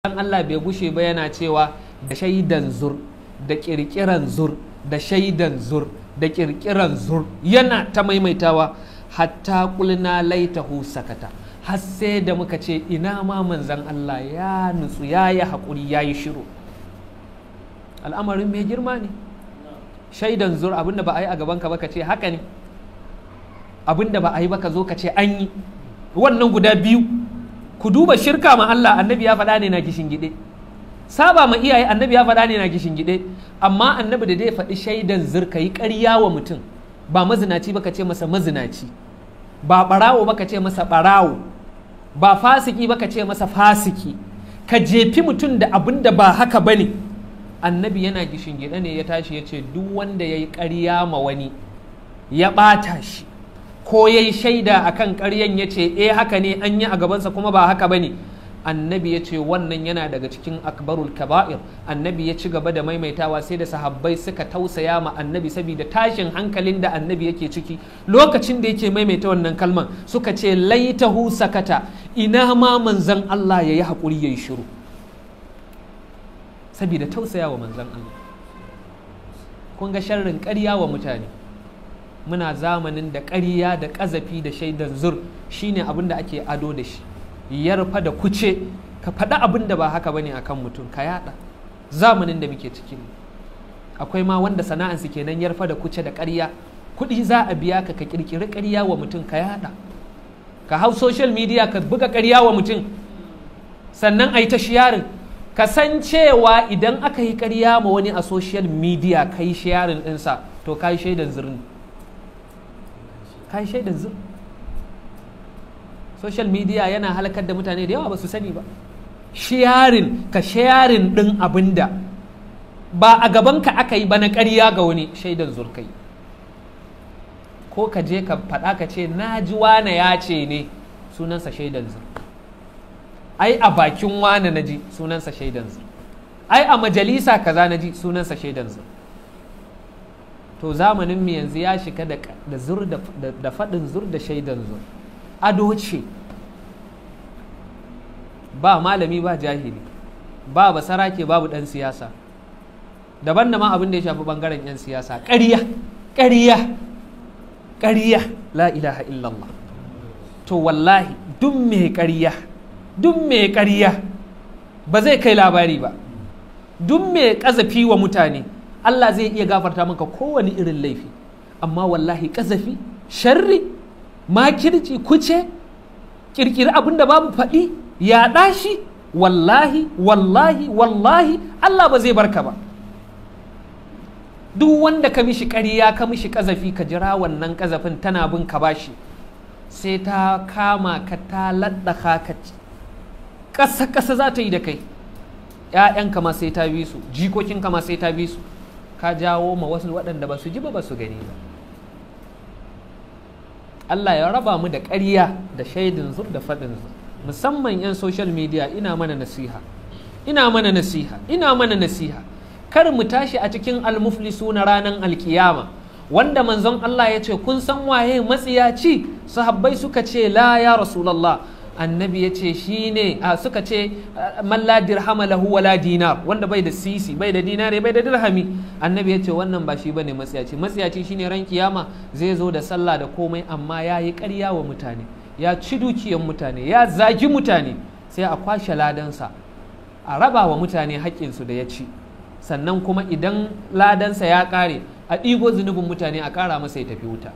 dan Allah bai gushe ba yana cewa da shaidan zur da kirkiran zur da shaidan zur da kirkiran zur yana ta maimaitawa hatta kulna laitahu sakata har sai da muka ce ina ma manzan Allah ya nutsu ya yi haƙuri ya yi shiru al'amarin mai girma ne shaidan zur abinda ba a yi a gabanka ba ka ce haka ne abinda ba a yi ba ka zo ka ce an yi wannan guda biyu ku duba shirka ma Allah annabi ya faɗa ne na kishin gide saba ma iyaye annabi ya faɗa ne na kishin gide amma annabi da dai faɗi shaidan zirka yi ƙarya wa mutum ba mazinaci ba ka ce masa mazinaci ba ɓarawo ba ka ce masa ɓarawo ba fasiki ba ka ce masa fasiki ka jefi mutum da abin da ba haka ba ne annabi yana gishin gida ne ya tashi ya ce duk wanda ya yi ƙarya ma wani ya ɓata shi ko yayi shaida akan karyan ya ce eh haka ne an yi a gabansa kuma ba haka ba ne. annabi ya ce wannan yana daga cikin akbarul kaba'ir annabi ya ci gaba da maimaitawa sai da sahabbai suka tausaya ma annabi saboda tashin hankalin da annabi yake ciki lokacin da yake maimaita wannan kalman suka ce laitahu sakata ina ma manzan Allah ya yi haƙuri ya yi shiru saboda tausaya wa manzan Allah kun ga sharrin ƙarya wa mutane muna zamanin da ƙarya da ƙazafi da shaidan zur shine abin da ake ado da shi yarfa da kuce ka faɗi abin da ba haka bane akan mutum ka yaɗa zamanin da muke cikin akwai ma wanda sana'ansu kenan yarfa da kuce da ƙarya kuɗi za a biya ka ka ƙirƙiri ƙarya wa mutum ka yaɗa ka hau social media ka buga ƙarya wa mutum sannan a yi ta shiyarin ka san cewa idan aka yi ƙarya ma wani a social media ka yi shiyarin ɗinsa to ka yi shaidan zurni ka yi shaidan zur social media yana halakar da mutane da yawa ba su sani ba sharing ka sharing din abinda ba a gaban ka aka yi ba na ƙarya ga wani shaidan zurkai ko ka je ka faɗa ka ce na ji wane ya ce ne sunansa shaidan zur ai a bakin wane na ji sunansa shaidan zur ai a majalisa kaza na ji sunansa shaidan zur to zamanin mu yanzu ya shiga da zur da faɗin zur da shaidan zur ado ce ba malami ba jahili ba ke babu ɗan siyasa daban da ma abin da ya shafi bangaren 'yan siyasa ƙarya ƙarya ƙarya la ilaha illallah to wallahi duk mai ƙarya duk mai ƙarya ba zai kai labari ba duk mai ƙazafi wa mutane Allah zai iya gafarta maka kowane irin laifi amma wallahi ƙazafi sharri makirci kuce kirkiri abin da babu faɗi ya ɗashi wallahi wallahi wallahi Allah ba zai barka ba duk wanda ka mishi ƙarya ka mishi kazafi ka jira wannan kazafin tana bin ka bashi sai ta kama ka ta laddaka ka ƙasa ƙasa za ta yi da kai ‘ya'yanka ma sai ta bi su jikokinka ma sai ta bi su ka jawo ma wasu waɗanda ba su ji ba ba su gani ba Allah ya raba mu da ƙarya da shaidin zur da faɗin zur musamman 'yan social media ina mana nasiha ina mana nasiha ina mana nasiha kar mu tashi a cikin almuflisu suna ranar alkiyama wanda manzon Allah ya ce kun san waye matsiyaci sahabbai suka ce la ya rasulallah annabi ya ce shi ne suka ce malla dirhama lahu wala dinar wanda bai da sisi bai da dinare bai da dirhami annabi ya ce wannan ba shi ne matsiyaci matsiyaci shine ran kiyama zai zo da sallah da komai amma ya yi karya wa mutane ya ci dukiyan mutane ya zagi mutane sai a kwashe ladansa a raba wa mutane haƙƙinsu da ya ci sannan kuma idan ladansa ya ƙare a ɗigo zunubin mutane a ƙara masa ya tafi wuta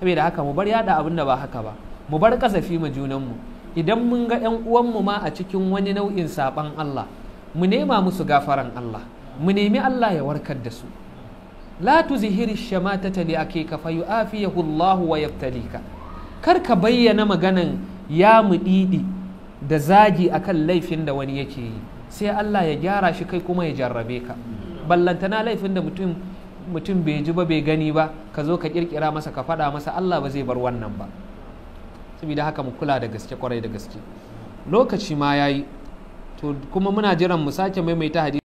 saboda haka mu bar yada abin da ba haka ba mu bar kasafi ma junanmu idan mun ga 'yan uwanmu ma a cikin wani nau'in saɓan Allah mu nema musu gafaran Allah mu nemi Allah ya warkar da su la tuzhiri shamatata li ka fayu Allahu wa ka. kar ka bayyana maganan ya mu ɗiɗi da zagi akan laifin da wani yake yi sai Allah ya gyara shi kai kuma ya jarrabe ka ballantana laifin da mutum mutum bai ji ba bai gani ba ka zo ka kirkira masa ka faɗa masa Allah ba zai bar wannan ba saboda haka mu kula da gaske kwarai da gaske lokaci ma yayi to kuma muna jiran mu sake maimaita hadisi